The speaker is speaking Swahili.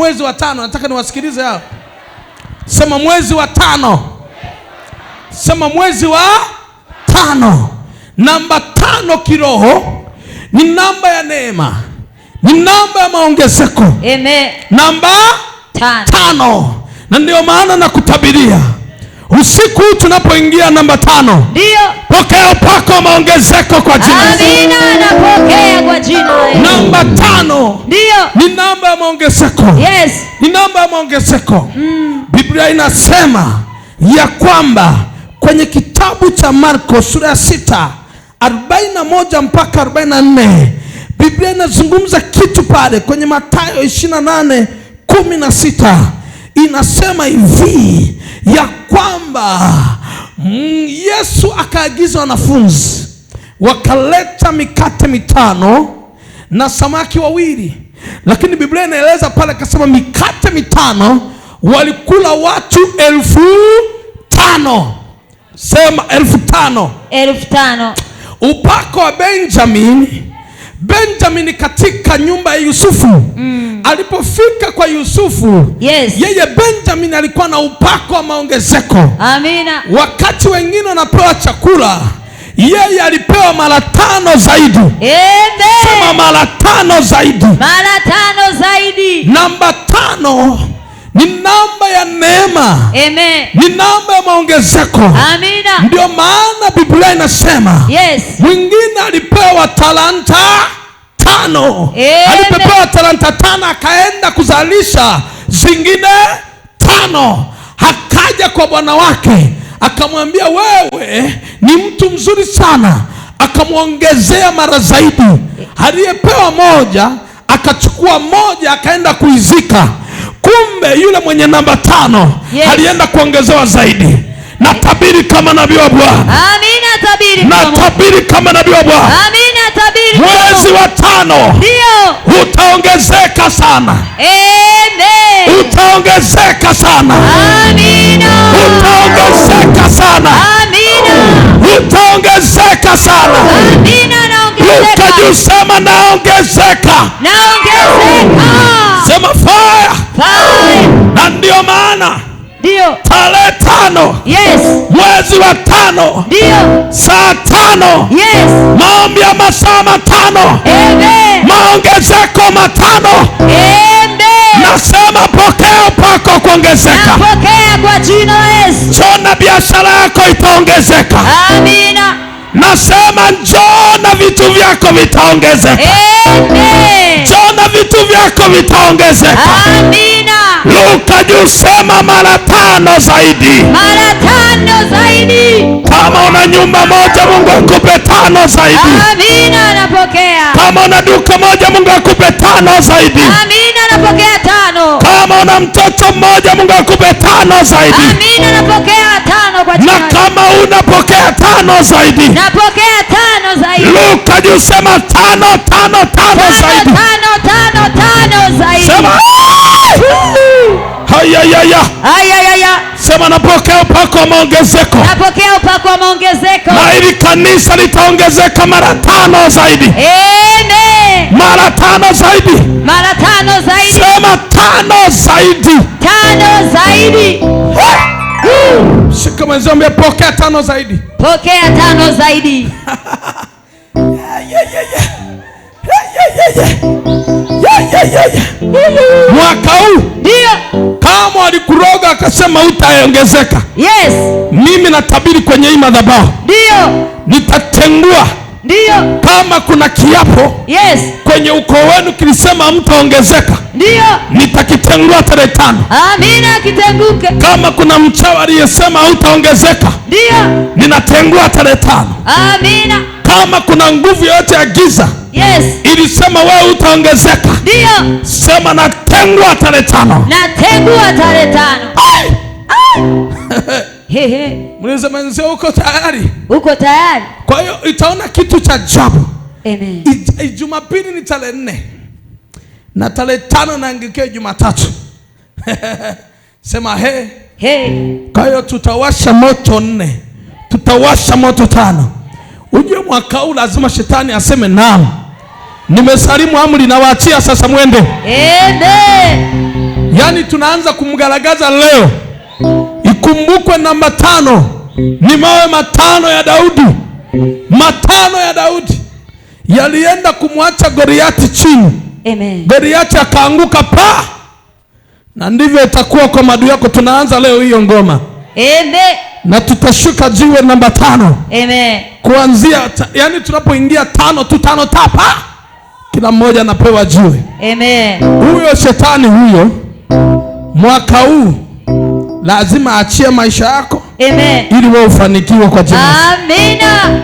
mwezi wa tano, nataka niwasikilize hao. Sema mwezi wa tano, sema mwezi wa tano. Namba tano kiroho ni namba ya neema, ni namba ya maongezeko. Amen. Namba tano, tano. Na ndio maana nakutabiria Usiku tunapoingia namba tano, ndio pokea upako maongezeko kwa jina. Amina, napokea kwa jina. Namba tano ndio ni namba ya maongezeko. Yes, ni namba ya maongezeko mm. Biblia inasema ya kwamba kwenye kitabu cha Marko sura ya sita 41 mpaka 44 Biblia inazungumza kitu pale kwenye Mathayo 28 16 inasema hivi ya kwamba mm, Yesu akaagiza wanafunzi wakaleta mikate mitano na samaki wawili, lakini Biblia inaeleza pale, akasema mikate mitano walikula watu elfu tano. Sema elfu tano, elfu tano. Upako wa Benjamini Benjamin katika nyumba ya Yusufu mm. Alipofika kwa Yusufu yes. Yeye Benjamin alikuwa na upako wa maongezeko. Amina. Wakati wengine wanapewa chakula yeye alipewa mara tano zaidi. Amen. Sema mara tano zaidi. Mara tano zaidi. Namba tano ni namba ya neema, ni namba ya maongezeko. Ndio maana Biblia inasema yes, mwingine alipewa talanta tano, alipewa talanta tano akaenda kuzalisha zingine tano. Akaja kwa bwana wake akamwambia, wewe ni mtu mzuri sana, akamwongezea mara zaidi. Aliyepewa moja akachukua moja akaenda kuizika Kumbe yule mwenye namba tano yes, alienda kuongezewa zaidi. Natabiri kama nabii wa Bwana, natabiri kama nabii wa Bwana, mwezi wa tano utaongezeka sana, utaongezeka sana, utaongezeka sana, utaongezeka sana. Ukajisema naongezeka, naongezeka tarehe tano yes. mwezi wa tano ndio saa tano yes. maombi ya masaa matano maongezeko matano Amen. nasema pokea pako kuongezeka njona na biashara yako itaongezeka Amina. nasema njona vitu vyako vitaongezeka Amen. Njona vitu vyako vitaongezeka. Amina. Luka juu sema mara tano zaidi, mara tano zaidi. Kama una nyumba moja, Mungu akupe tano zaidi. Amina, napokea. Kama una duka moja, Mungu akupe tano zaidi. Amina anapokea tano. Kama una mtoto mmoja, Mungu akupe tano zaidi. Amina, anapokea tano kwa jina. Na kama unapokea tano zaidi, napokea tano zaidi. Luka juu sema tano, tano, tano zaidi, tano, tano, tano zaidi. Sema Haya Haya ya ya. ya ya. Sema napokea upako wa maongezeko. Napokea upako wa maongezeko. Na hili kanisa litaongezeka mara tano zaidi. Amen. Mara tano zaidi. Mara tano sema tano zaidi, tano zaidi. Shika mwenzio, ambia pokea tano zaidi, pokea tano zaidi. Mwaka huu ndio kama alikuroga akasema utaongezeka. Yes, mimi natabiri kwenye hii madhabahu ndio nitatengua ndio. Kama kuna kiapo yes, kwenye ukoo wenu kilisema mtaongezeka, ndio nitakitengua tarehe tano. Amina, kitenguke. Kama kuna mchawi aliyesema hautaongezeka, ndio ninatengua tarehe tano. Amina. Kama kuna nguvu yoyote ya giza Yes. Ilisema wewe utaongezeka. Ndio. Sema natengua tarehe tano. Natengua tarehe tano. mzee, uko tayari? Uko tayari. Kwa hiyo itaona kitu cha ajabu. Eh, Jumapili ni tarehe nne na tarehe tano naangikia Jumatatu. Sema he. he. Kwa hiyo tutawasha moto nne, tutawasha moto tano. Ujue mwaka huu lazima shetani aseme nao, nimesalimu amri, nawaachia sasa, mwende. Amen. Yaani tunaanza kumgaragaza leo Ikumbukwe namba tano ni mawe matano ya Daudi. Matano ya Daudi yalienda kumwacha Goliati chini. Amen. Goliati akaanguka pa, na ndivyo itakuwa kwa madu yako. Tunaanza leo hiyo ngoma Amen. Na tutashuka jiwe namba tano Amen. Kuanzia yani, tunapoingia tano tu, tano tapa, ah, kila mmoja anapewa jiwe Amen. Huyo shetani huyo mwaka huu lazima achie maisha yako Amen. ili wewe ufanikiwe kwa jina. Amina.